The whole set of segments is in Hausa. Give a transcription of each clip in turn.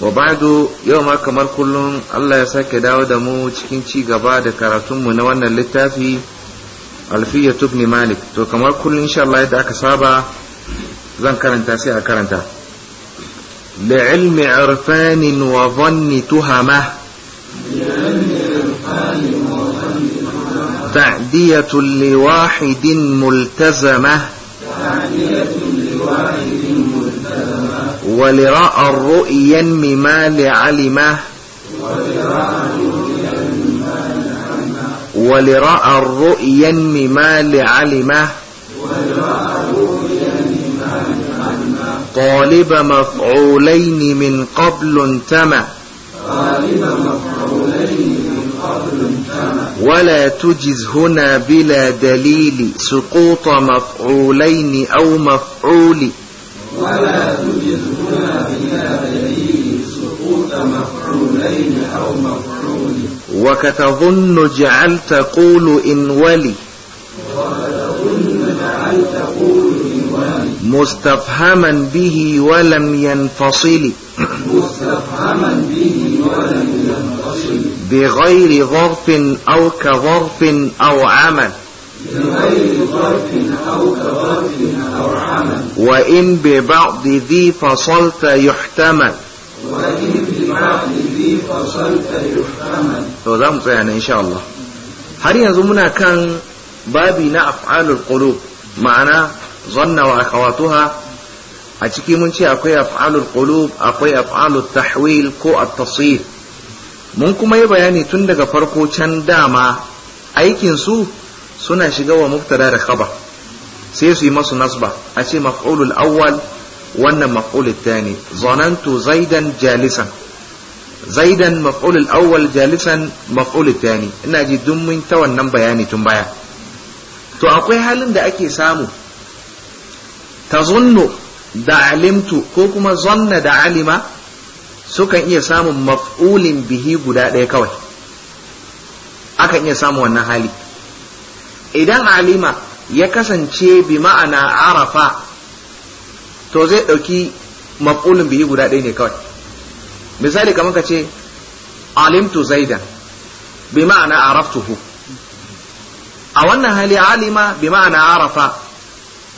wa ba'du yau ma kamar kullum Allah ya sake dawo da mu cikin ci gaba da karatunmu na wannan littafi alfiya tubni malik to kamar kullum insha Allah yadda aka saba zan karanta sai a karanta li'ilmi irfanin wa dhanni tuhama تعدية لواحد ملتزمة تعدية لواحد ولراء الرؤي ينمي ما لعلمه ولراء الرؤي ينمي ما لعلمه طالب مفعولين من قبل تمى ولا تجز هنا بلا دليل سقوط مفعولين أو مفعول ولا تجز وكتظن جعل تقول إن ولي وكتظن تقول إن ولي مستفهما به ولم ينفصل مستفهما به ولم ينفصل بغير ظرف أو كظرف أو عمل بغير ظرف أو كظرف وإن ببعض ذي فصلت يحتمل to za mu tsaya ne insha Allah har yanzu muna kan babi na af'alul qulub ma'ana zanna wa akhawatuha a ciki mun ce akwai af'alul qulub akwai af'alut tahwil ko at-tasir mun kuma yi bayani tun daga farko can dama aikin su suna shiga wa mubtada da khabar sai su yi masu nasba a ce maf'ulul awwal wannan maf'ul thani zanantu zaidan jalisan zaidan maf'ulul awwal jalisan maf'ul thani ina ji duk mun ta wannan bayani tun baya to akwai halin da ake samu tazunnu da alimtu ko kuma zanna da alima sukan iya samun maf'ulin bihi guda ɗaya kawai akan iya samun wannan hali idan alima ya kasance bi ma'ana arafa to zai ɗauki maf'ulin bihi guda ɗaya ne kawai misali kamar ka ce alimtu zaidan bi ma'ana araftuhu a wannan hali alima bi ma'ana arafa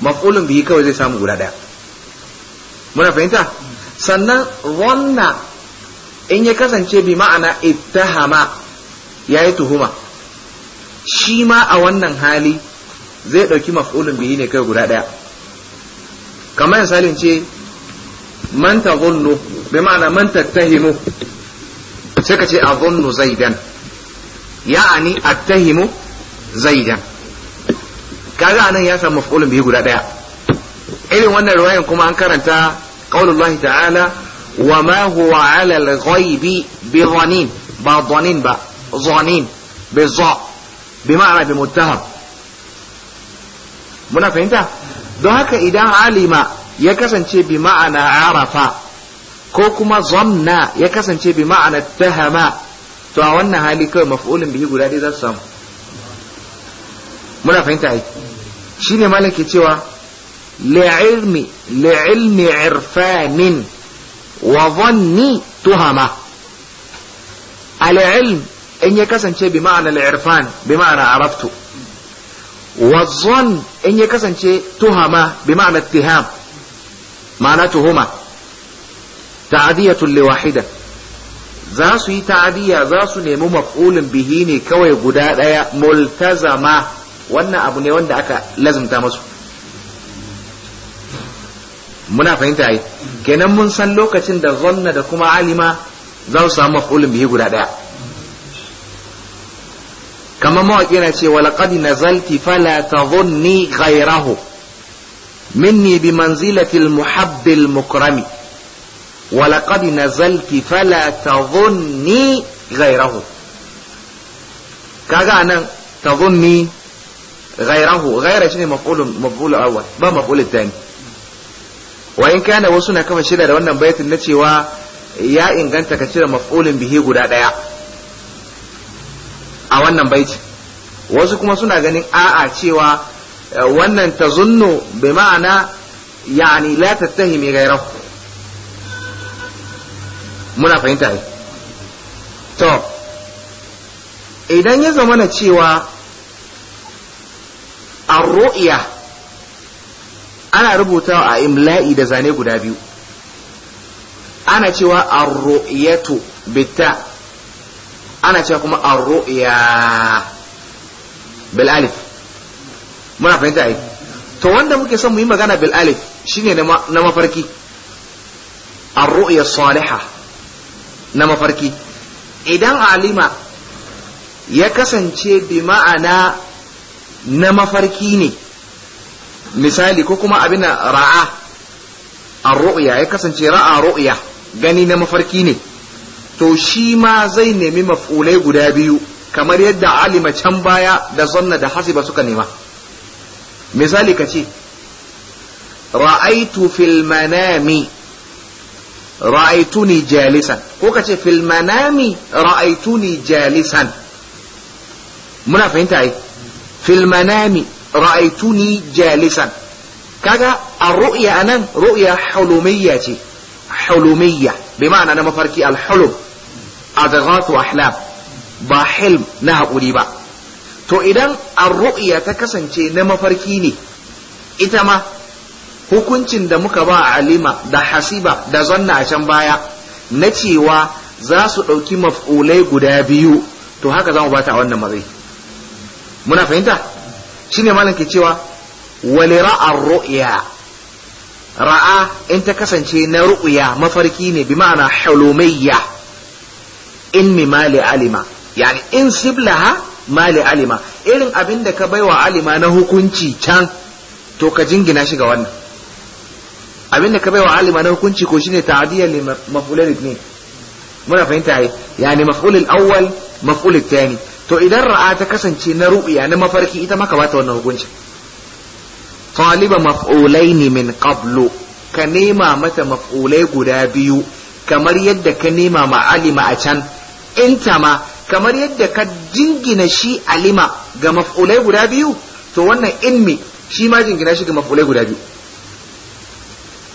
maf'ulin bihi kawai zai samu guda ɗaya muna fahimta sannan wanna in ya kasance bi ma'ana ittahama ya yi tuhuma shi ma a wannan hali zai ɗauki maf'ulun bihi ne kai guda ɗaya kamar misalin ce man ta zunnu ma'ana man tattahimu sai ka ce a zunnu zaidan ya'ani attahimu zaidan kaga anan ya samu maf'ulun bihi guda ɗaya irin wannan riwayan kuma an karanta qaulullahi ta'ala wa ma huwa 'ala al-ghaibi bi dhanin ba dhanin ba dhanin bi za bi ma'ana bi muttaham muna fahimta don haka idan alima ya kasance bi ma'ana arafa ko kuma zamna ya kasance bi ma'ana tahama to a wannan hali kawai maf'ulin bihi guda dai za su samu muna fahimta ai shine malam ke cewa li'ilmi li'ilmi irfanin wa zanni tuhama al'ilm in ya kasance bi ma'ana al-irfan bi ma'ana araftu wazzon in ya kasance tuhama bi ma'anar tiham ma'ana tuhuma ta'adiyatul liwahida za su yi ta'adiyya za su nemi maf'ulin bihi ne kawai guda ɗaya multazama wannan abu ne wanda aka lazimta masu muna fahimta yi kenan mun san lokacin da zonna da kuma alima za su samu maf'ulin bihi guda ɗaya kamar mawaƙi na ce walaqad nazalti fala tadhunni ghayrahu minni bi manzilati al-muhabbi al-mukrami walaqad fala fala tadhunni gairahu. kaga nan anan tadhunni gairahu gaira shine maf'ulun maf'ul awwal ba maf'ul thani wa in kana wasu na kama shida da wannan baitin na cewa ya inganta ka cire maf'ulin bihi guda daya a wannan baiti wasu kuma suna ganin a'a cewa eh, wannan ta zunno bi ma'ana yani la tattahimi gairahu muna fahimta ne to idan ya zama na cewa a ana rubutawa a imla'i da zane guda biyu ana cewa a ru'yatu bitta ana cewa kuma ar-ru'ya bil alif muna fahimta ai to wanda muke son mu yi magana bil alif shine na mafarki ar-ru'ya salihah na mafarki idan alima ya kasance bi ma'ana na mafarki ne misali ko kuma abin ra'a ar-ru'ya ya kasance ra'a ru'ya gani na mafarki ne to shi ma zai nemi maf'ulai guda biyu kamar yadda alima can baya da zanna da hasiba suka nema misali ka ce ra'aitu fil manami ra'aituni jalisan ko ka ce fil manami ra'aituni jalisan muna fahimta filmanami fil manami ra'aituni jalisan kaga a ruya anan ru'ya hulumiyya ce hulumiyya bi ma'ana na mafarki al-hulum aghatu ahlam ba hilm na haƙuri ba to idan arru'ya ta kasance na mafarki ne ita ma hukuncin da muka ba alima da hasiba da zanna a can baya na cewa za su ɗauki maf'ulai guda biyu to haka za mu bata a wannan matsayi muna fahimta shine malam ke cewa wali ra'ar ru'ya ra'a in ta kasance na ru'ya mafarki ne bi ma'ana halumayya Inni ma li alima yani in siblaha ma li alima irin abin da ka baiwa alima na hukunci can to ka jingina shi ga wannan abin da ka baiwa alima na hukunci ko shine ta'diya li maf'ulil ibn muna fahimta ai yani maf'ulil awwal maf'ulil thani to idan ra'a ta kasance na ru'ya na mafarki ita maka bata wannan hukunci taliba maf'ulaini min qablu ka nema mata maf'ulai guda biyu kamar yadda ka nema ma alima a can inta ma kamar yadda ka jingina shi alima ga maf'ulai guda biyu to wannan ilmi shi ma jingina shi ga maf'ulai guda biyu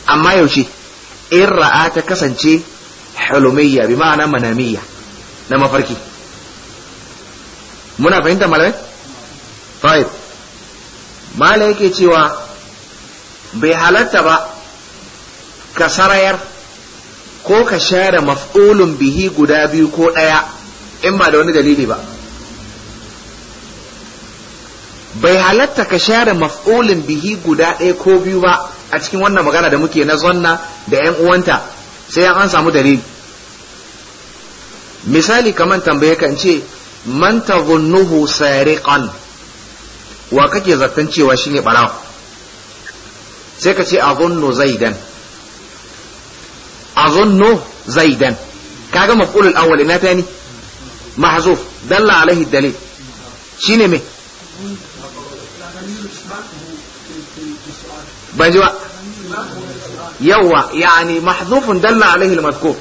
amma yaushe in ra'a ta kasance halumiyya bi ma'ana manamiyya na mafarki muna fahimta malamai fahim malai yake cewa bai halatta ba ka sarayar ko ka share maf'ulun bihi guda biyu ko ɗaya in ba da wani dalili ba bai halatta ka share maf'ulin bihi guda ɗaya ko biyu ba a cikin wannan magana da muke na zonna da 'yan uwanta sai an samu dalili misali kamar tambaye kan ce man tazunnuhu sariqan wa kake zaton cewa shine barawo sai ka ce zai zaidan أظنه زيدا كاجا مفقول الأول إنها تاني محذوف دل عليه الدليل شيني مي بجوا يوا يعني محذوف دل عليه المذكور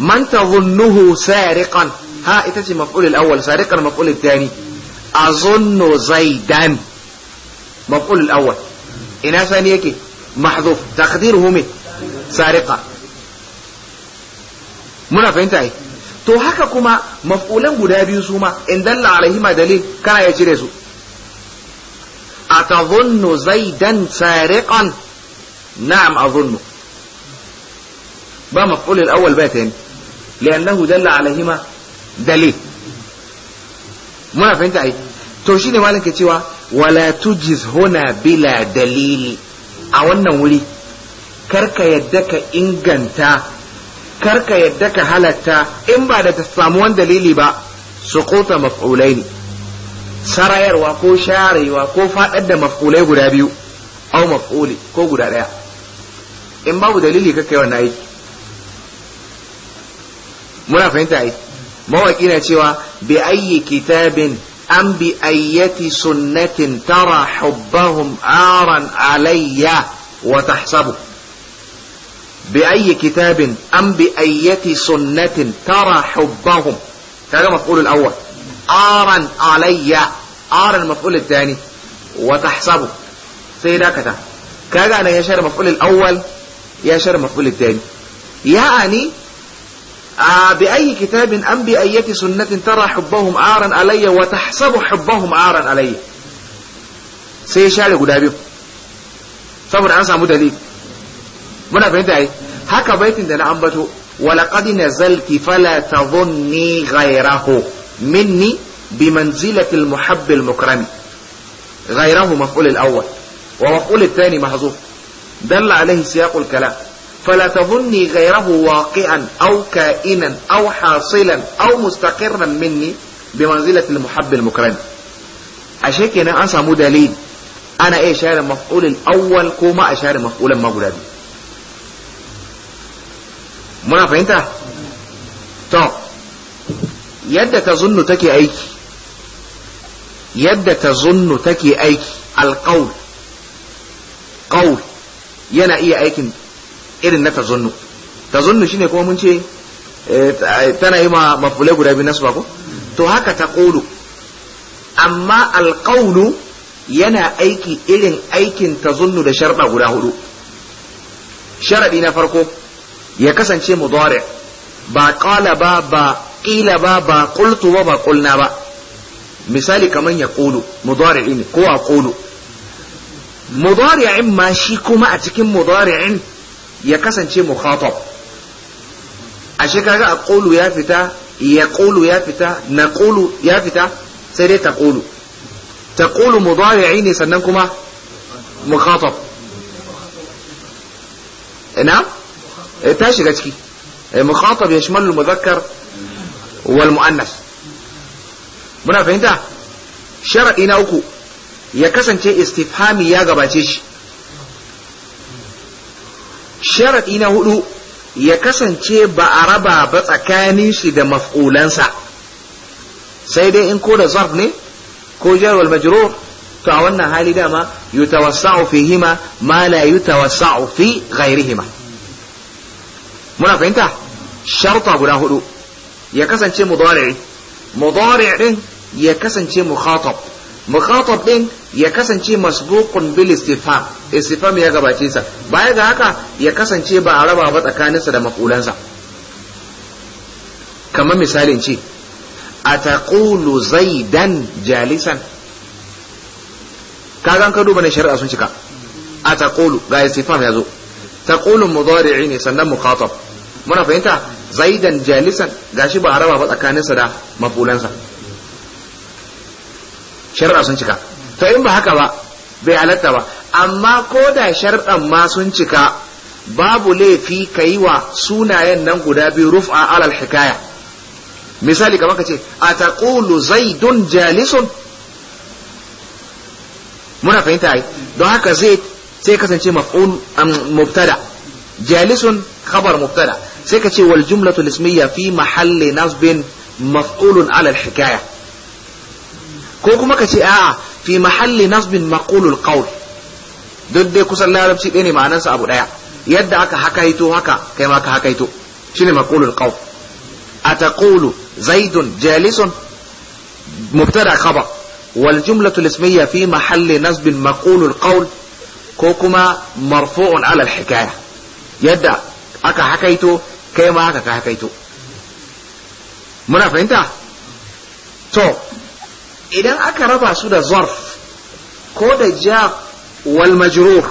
من تظنه سارقا ها اتاتي مفقول الأول سارقا مفقول الثاني أظن زيدا مفقول الأول إنها ثانية كي محذوف تقديره مي سارقا muna fahimta yi. to haka kuma maf'ulan guda biyu su ma in dalla ma dalil kana ya cire su atazunnu zaidan sariqan na'am azunnu ba maf'ul al-awwal ba tayin li'annahu dalla ma dalil muna fahimta yi. to shine malin ke cewa wala tujiz huna bila dalili a wannan wuri karka yadda ka inganta karka yadda ka halatta in ba da ta samu wani dalili ba suquta maf'ulaini sarayarwa ko sharewa ko fadar da maf'ulai guda biyu au maf'uli ko guda ɗaya. in babu dalili kake wannan aiki muna fahimta aiki. mawaki na cewa bi ayyi kitabin an bi ayyati sunnatin tara hubbahum aran alayya wa tahsabu بأي كتاب أم بأية سنة ترى حبهم هذا مفعول الأول آرا علي آرا المفعول الثاني وتحسبه سيدا كذا كذا أنا يشار مفعول الأول يشار مفعول الثاني يعني آه بأي كتاب أم بأية سنة ترى حبهم آرا علي وتحسب حبهم آرا علي سيشار قدابيهم صبر أنا سامو دليل muna fahimta ai haka baitin da na ambato walaqad nazalti fala tadhunni ghayrahu minni بمنزلة المحب المكرم غيره مفعول الأول ومفعول الثاني محذوف دل عليه سياق الكلام فلا تظني غيره واقعا أو كائنا أو حاصلا أو مستقرا مني بمنزلة المحب المكرم أشيك أنا أنسى دليل أنا إيه شارع مفعول الأول كوما أشار مفعولا مجرد muna fahimta to yadda ta zunnu take aiki yadda ta zunnu take aiki alƙaul ƙaul yana iya aikin irin na ta zunnu ta zunnu shine kuma mun ce eh, tana yi ma mafule guda biyu nasu ko to haka ta ƙolu amma alƙaulu yana aiki irin aikin ta zunnu da sharɗa guda hudu sharaɗi na farko ya kasance mudari ba qala ba ba qila ba ba qultu ba ba qulna ba misali kaman ya qulu mudari ne ko a qulu mudari'in ma shi kuma a cikin mudari'in ya kasance mukhatab shi kaga a qulu ya fita ya qulu ya fita na qulu ya fita sai dai ta qulu ta qulu mudari'i ne sannan kuma mukhatab ina ta shiga ciki mukhatab yashmalu mudhakkar wal muannas muna fahimta shar'i uku ya kasance istifhami ya gabace shi shar'i na hudu ya kasance ba a raba ba tsakanin shi da maf'ulansa sai dai in ko da zarf ne ko jar wal majrur to a wannan hali dama yutawassa'u fihima ma la yutawassa'u fi ghairihima muna fahimta sharta guda hudu ya kasance mudari mudari din ya kasance mukhatab mukhatab din ya kasance masbuqun bil istifham istifham ya gabace sa baya ga haka ya kasance ba a raba ba tsakaninsa da makulansa kamar misalin ce ataqulu zaidan jalisan an ka duba na shari'a sun cika ataqulu ga istifham yazo taqulu mudari'i ne sannan mukhatab muna fahimta zaidan jalisan gashi ba a raba ba tsakaninsa da mafulansa shar'a sun cika to in ba haka ba bai halatta ba amma ko da shar'an ma sun cika babu laifi ka yi wa sunayen nan guda biyu rufa alal hikaya misali kamar ka ce a taƙulu zaidun jalisun muna fahimta ai don haka zai sai kasance maf'ul mubtada jalisun khabar mubtada sai ka ce wal jumlatu ismiyya fi mahalli nasbin maf'ulun ala hikaya ko kuma ka ce a'a fi mahalli nasbin maqulul qawl duk dai kusan larabci ɗaya ne ma'anarsa abu ɗaya yadda aka hakaito haka kai ma ka hakaito shine maqulul qawl ataqulu zaidun jalisun mubtada khabar wal jumlatu ismiyya fi mahalli nasbin maqulul qawl ko kuma marfu'un ala hikaya yadda aka hakaito kai ma haka ka kaito muna fahimta to idan aka raba su da zarf ko da ja wal majrur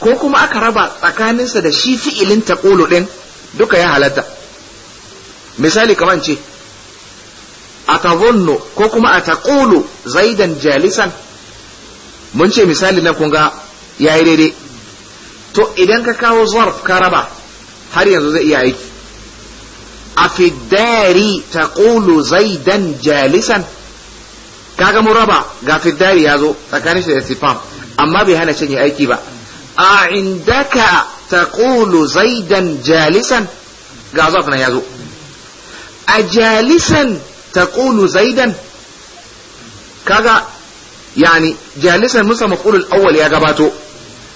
ko kuma aka raba tsakaninsa da shi fi'ilin taƙulu ɗin duka ya halatta misali kamar ce a atazunnu ko kuma a zai zaidan jalisan mun ce misali na kunga yayi daidai to idan ka kawo zarf ka raba har yanzu zai iya aiki a fiddari ta ƙulu zaidan jalisan kaga muraba ga fiddari ya zo tsakanin shi da istifam amma bai hana cin aiki ba a indaka ta ƙulu zaidan jalisan ga zaf ya zo a jalisan ta ƙulu zaidan kaga yani jalisan musa maƙulul awwal ya gabato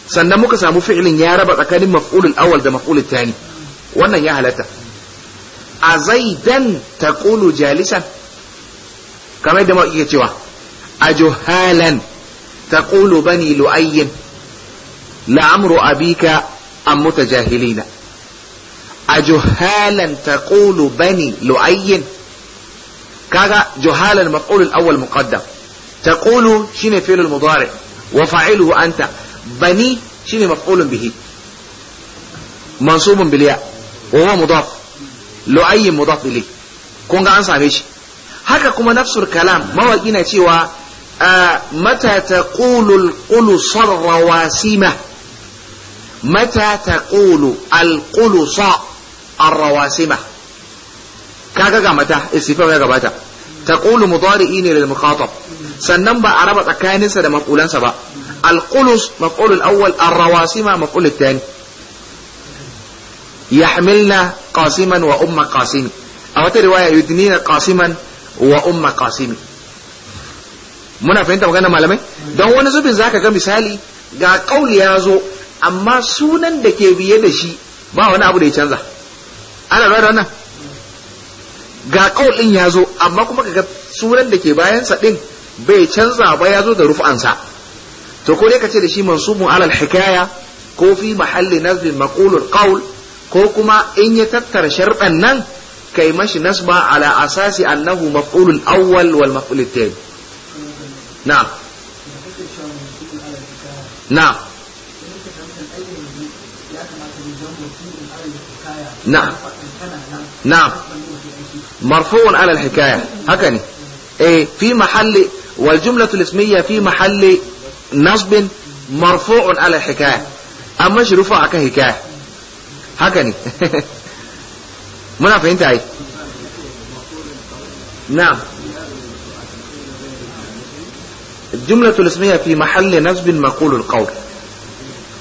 sannan muka samu fi'ilin ya raba tsakanin maf'ulul awwal da maf'ulul tani wannan ya halatta a zaidan taqulu jalisan kamar da iya cewa a juhalan taqulu bani lu'ayyin la'amru abika am mutajahilina a juhalan taqulu bani lu'ayyin كذا جهالا مفعول الأول shine تقول شين فعل المضارع وفاعله anta. bani shine maf'ulun bihi mansubun bil ya wa huwa mudaf lu'ayy mudaf ilayh kun ga an same shi haka kuma nafsul kalam mawaki na cewa mata taqulu al-qulu sarra mata taqulu al-qulu sa kaga ga mata istifa ya gabata taqulu mudari'i ne lil muqatab sannan ba a raba tsakaninsa da mafulansa ba القلص مفعول الأول الرواسمة مفعول الثاني يحملنا قاسما وأم قاسم أو رواية يدنينا قاسما وأم قاسم muna fahimta magana malamai don wani zubin zaka ga misali ga kauli ya zo amma sunan da ke biye da shi ba wani abu da ya canza ana lura da wannan ga kaulin ya zo amma kuma ga sunan da ke bayansa din bai canza ba ya zo da rufansa to ko dai ka ce da shi mansubun alal hikaya ko fi mahalli nazbi maqulul qawl ko kuma in ya tattara sharɗan nan kai mashi nasba ala asasi annahu maf'ulul awwal wal maf'ul thani na'am na'am na'am na'am مرفوع على الحكاية هكذا إيه في محل والجملة الاسمية fi محل نصب مرفوع على الحكاية أما شرفع كهكاية هكني منافع انت أي نعم الجملة الاسمية في محل نصب مقول القول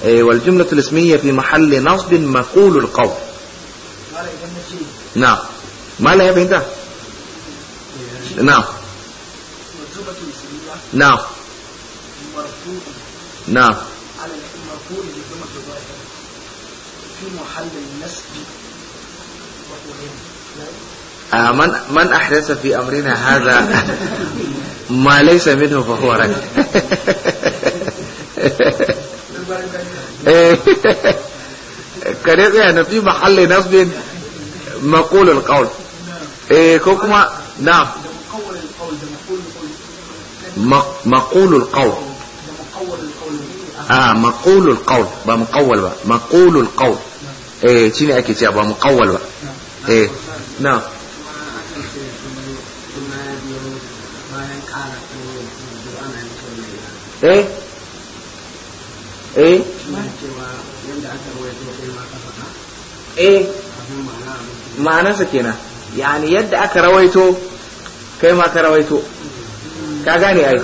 إيه، والجملة الاسمية في محل نصب مقول القول نعم ما لا يبين ده نعم نعم نعم على المرفوع بضمة الظاهر في محل النسب آه من من أحدث في أمرنا هذا ما ليس منه فهو رد كريم يعني في محل نصب مقول القول إيه كوكما نعم مقول القول مقول القول ah maqulul qawl ba muqawwal ba maqulul qawl eh shine ake cewa ba muqawwal ba eh na eh eh eh ma'anarsa kenan yani yadda aka rawaito kai ma ka rawaito ka gane ai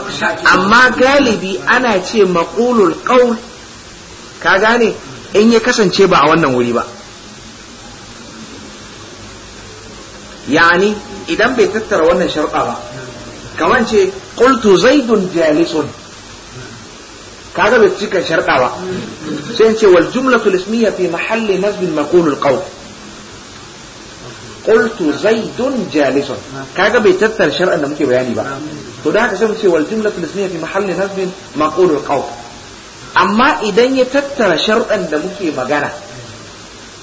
amma galibi ana ce maqulul qaul ka gane in ya kasance ba a wannan wuri ba yani idan bai tattara wannan sharɗa ba kamar ce qultu zaidun jalisun kaga bai cika sharɗa ba sai ce wal jumlatul ismiyya fi mahalli nazbin maqulul qaul qultu zaidun jalisun kaga bai tattara shar'an da muke bayani ba to da haka sai mu ce wal jumlatul ismiyya fi mahalli nasbin maqulul qawl amma idan ya tattara sharuɗan da muke magana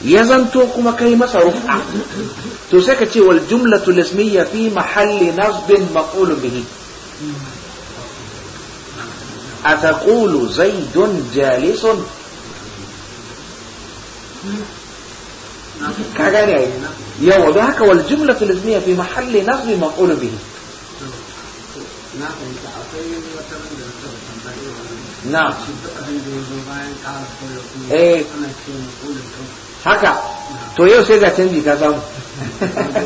ya zanto kuma kai masa rufa to sai ka ce wal jumlatul ismiyya fi mahalli nasbin maqulun bihi أتقول زيد جالس كاغاني يا وذاك والجملة الاسمية في محل نصب مفعول به haka to yau sai ga canji ka zamu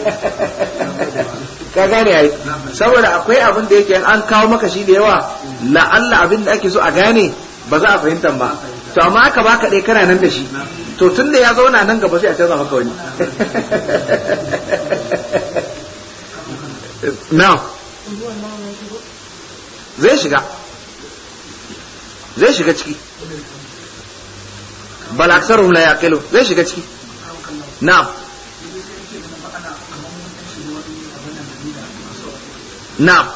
ka gane ai saboda akwai abin da yake an kawo maka shi da yawa mm. Allah abin da ake so a gane ba za a fahimta ba to amma aka baka ɗaya kana nan da shi to tun da ya zauna nan gaba sai a canza maka wani na. zai shiga zai shiga ciki bal aksaruhum la yaqilu zai shiga ciki na'am na'am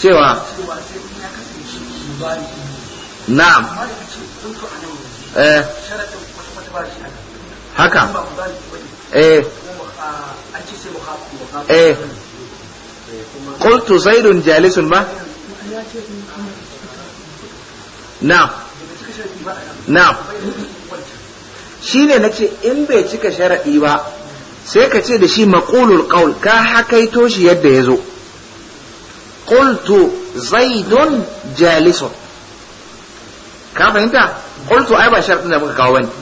cewa na'am eh haka eh eh qultu zaidun jalisun ba na na shine nace in bai cika sharadi ba sai ka ce da shi maqulul qaul ka hakaito shi yadda yazo qultu zaidun jalisun ka fahimta qultu ai ba da muka kawo bani.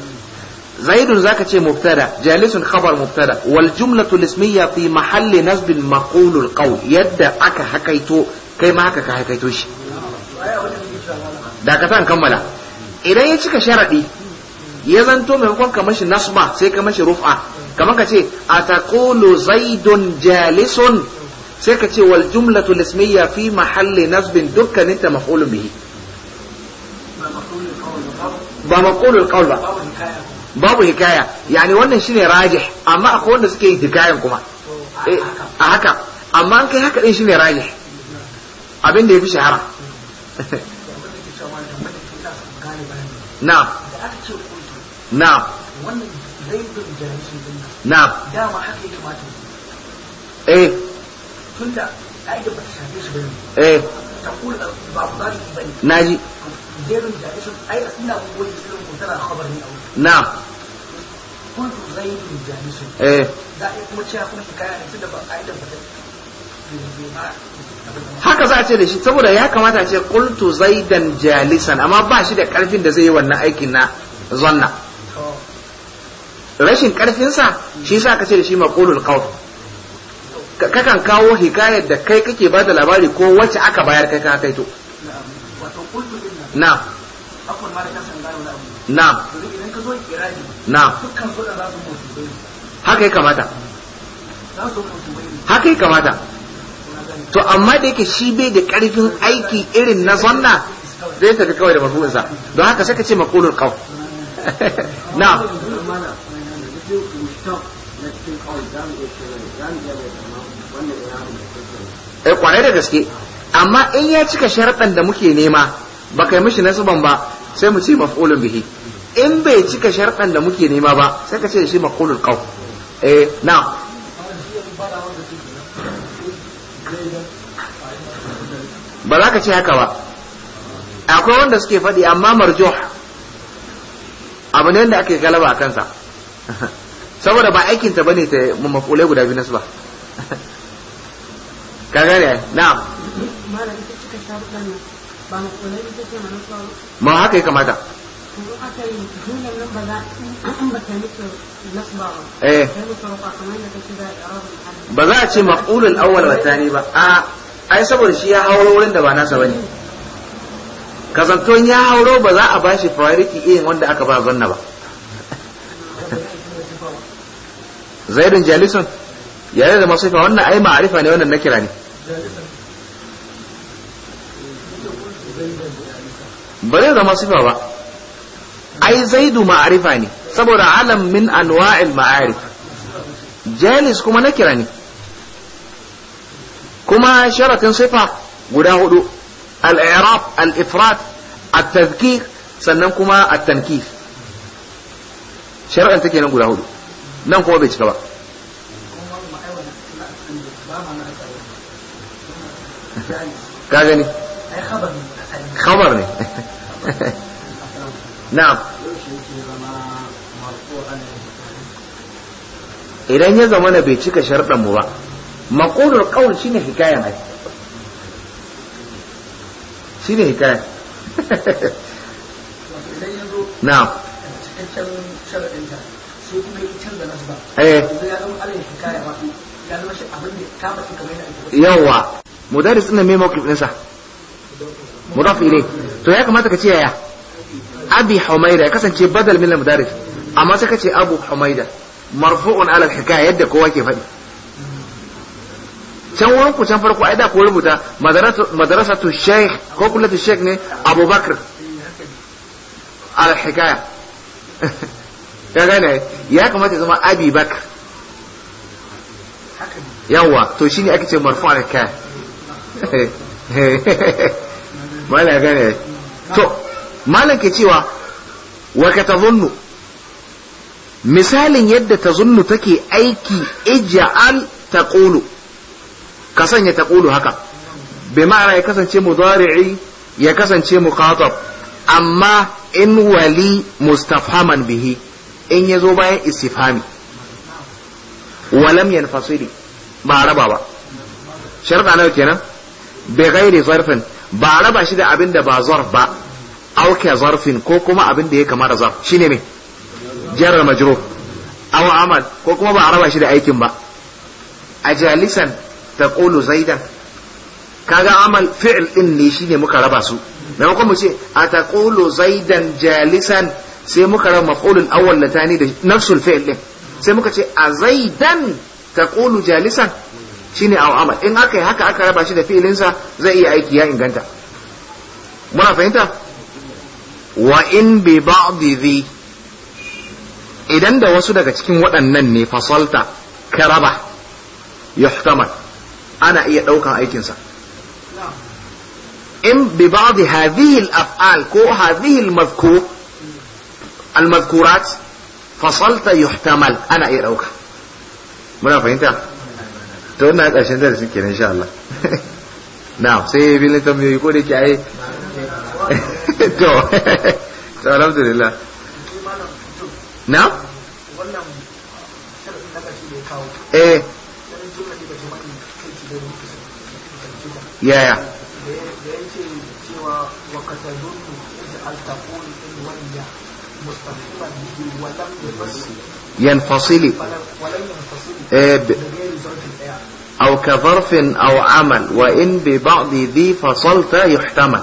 zaidun zaka ce mubtada jalisun kabar mubtada wal jumlatu ismiyya fi mahalli nasbin maqulul qawl yadda aka hakaito kai ma haka ka shi da ka kammala idan ya cika sharadi ya zanto maimakon ka mashi nasba sai ka mashi rufa kamar ka ce ataqulu zaidun jalisun sai ka ce wal jumlatu ismiyya fi mahalli nasbin dukkanin ta bihi ba maqulul qawl ba babu hikaya yani wannan shine rajih amma akwai wanda suke yin hikayan kuma oh, eh, a haka amma an kai haka din shine rajih abin da yafi shahara na'am na'am na'am dama haka ya kamata eh tunda ai da ba ta shafe shi bane eh ta kula ba ba bane naji jerin da ai ina goyi sun mutara khabar ne a na'am eh haka za a ce da shi saboda ya kamata ce kultu zaidan jalisan amma ba shi da karfin da zai yi wannan aikin na zonna rashin karfinsa shi sa ka ce da shi maqulul kawo kakan kawo hikayar da kai kake ba da labari ko wacce aka bayar kai ka kai na na zo kirani na dukkan su da za su mutu haka ya kamata haka ya kamata to amma da yake shi bai da karfin aiki irin na sunna zai tafi kawai da marfu'in sa don haka sai ka ce maqulul qawl na eh kwarai da gaske amma in ya cika sharaɗan da muke nema ba kai mishi nasiban ba sai mu ce maf'ulun bihi in bai cika sharɗan da muke nema ba sai ka ce shi makulul qaw eh na ba za ka ce haka ba akwai wanda suke faɗi amma marjo abu ne da ake galaba a kansa saboda ba aikinta bane ta mafule guda biyu nasu ba ka gane na ma haka ya kamata Eh, ba za a ce maf'ulul awwal wa ba a ai saboda shi ya hauro wurin da ba nasa bane kazanton ya hauro ba za a bashi priority irin wanda aka ba zanna ba zaidun jalisun yare da masifa wannan ai ma'arifa ne wannan na kira ne ba zai zama sifa ba ai zaidu ma'arifa ne saboda alam min anwa'il ma'arif jalis kuma na kira ne kuma sharatin sifa guda hudu al-i'rab al-ifrat at-tadhkir sannan kuma at-tankif sharatin take nan guda hudu nan kuma bai cika ba ka gani khabar ne na'am idan ya zama na bai cika sharɗan mu ba maƙudur ƙaul shine hikayan ai ne hikayen na'am eh. yawa mudaris ɗin mai mawkif ɗinsa mudaf ne to ya kamata ka ce yaya abi humaida ya kasance badal min al-mudarif amma sai kace abu humaida marfu'un ala al-hikaya yadda kowa ke faɗi can wurin ku can farko ai da rubuta shaykh ko kullatu shaykh ne abubakar al-hikaya ya gane ya kamata zama abi yawa to shine ake ce marfu mala gane to malam ke cewa wa ka tazunnu misalin yadda tazunnu take aiki ija'al taqulu ka sanya taqulu haka bi ma'ana ya kasance mudari'i ya kasance muqatab amma in wali mustafhaman bihi in yazo bayan istifhami walam yanfasili ba raba ba sharda nawa kenan bi ghairi zarfin ba raba shi da abin da ba zarf ba auka zarfin ko kuma abin da ya kama da zarf shine mai jarar majro aw amal ko kuma ba a raba shi da aikin ba ajalisan taqulu zaidan kaga amal fi'l din ne shine muka raba su kuma mu ce ataqulu zaidan jalisan sai muka raba maf'ulul awwal tani da nafsul fi'l din sai muka ce a zaidan taqulu jalisan shine aw amal in aka yi haka aka raba shi da fi'ilinsa zai iya aiki ya inganta muna fahimta wa in bi ba'di zi idan da wasu daga cikin waɗannan ne fasalta karaba yuhtamal ana iya ɗaukan aikinsa in bi ba'di hadhihi al-af'al ko hadhihi al-madhkur al-madhkurat fasalta yuhtamal ana iya ɗauka muna fahimta to ina ƙarshen darasin kenan insha Allah na'am sai bilin tambayoyi ko da ke ai to to alhamdulillah يا يا يا يا ينفصل أو كظرف أو عمل وإن ببعض ذي فصلت يحتمل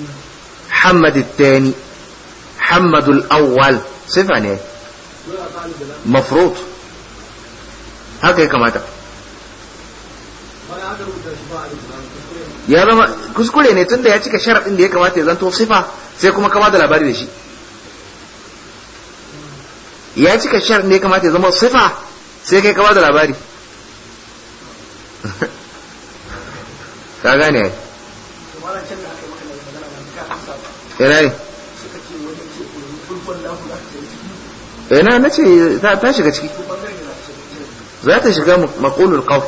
حمد الثاني حمد الأول صفة ne مفروض haka ya kamata ya zama kuskure ne tunda ya cika sharaɗin da ya kamata ya zanto sifa sai kuma kama da labari da shi ya cika sharaɗin da ya kamata ya zama sifa sai kai kama da labari ka gane ina ne ina na ce ta shiga ciki za ta shiga makulul kaw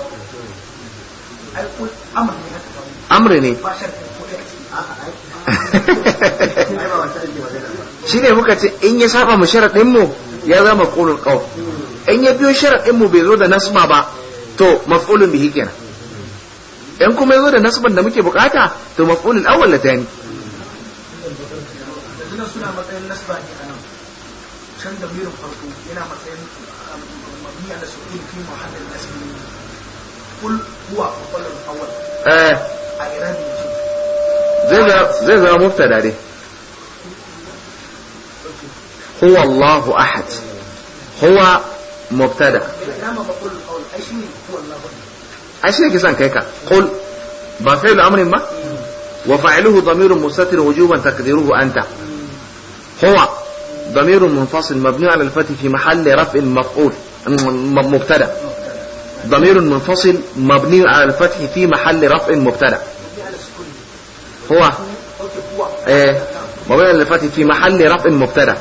amri ne shi ne muka ce in ya saba mu mu ya zama makulul kaw in ya biyo mu bai zo da nasma ba to maf'ulun bihi kenan in kuma ya zo da nasban da muke bukata to maf'ulul awwal latani عشان ضميره خرطوم هنا مثلا مبني على سؤال في محل الاسم قل هو قل المحول زي زي مبتدا دي هو الله احد هو مبتدا لما بقول سان كيكا قل بفعل امر ما وفعله ضمير مستتر وجوبا تقديره انت هو ضمير منفصل مبني على الفتح في محل رفع مفعول مبتدا ضمير منفصل مبني على الفتح في محل رفع مبتدا هو ايه مبني على الفتح في محل رفع مبتدا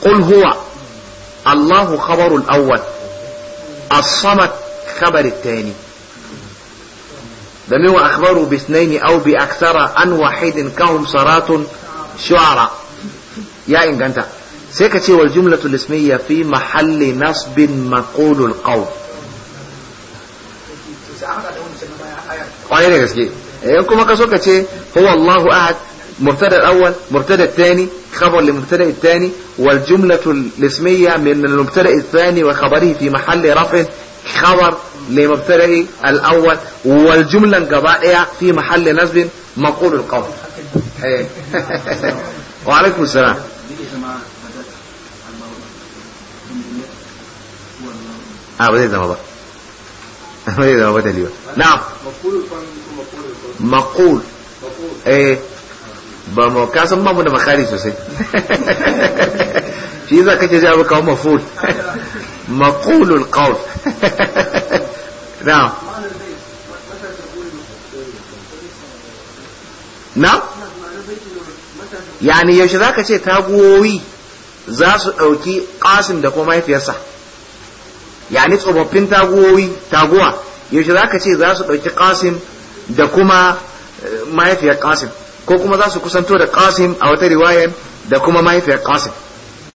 قل هو الله خبر الاول الصمت خبر الثاني ضمير اخبره باثنين او باكثر عن واحد كهم صراط شعراء ya inganta sai ka ce wal jumlatu lismiyya fi mahalli nasbin maqulul qawl ne gaske eh, kuma ka so ka ce huwa Allahu ahad mubtada al-awwal mubtada al-thani khabar li mubtada al-thani wal jumlatu al-ismiyya min fi mahalli raf'in khabar li mubtada gaba fi mahalli nasbin a ba zai zama ba ba zai zama ba eh ba mu ka san mamu da makari sosai shi ka ce ji abu kawo maful maqulul qawl na'am na yani yaushe zaka ce taguwoyi za su ɗauki ƙasim da kuma mahaifiyarsa yani tsofaffin taguwoyi taguwa yaushe za ka ce za su ɗauki qasim da kuma eh, mahaifiyar qasim ko kuma za su kusanto da qasim a wata riwayar da kuma mahaifiyar qasim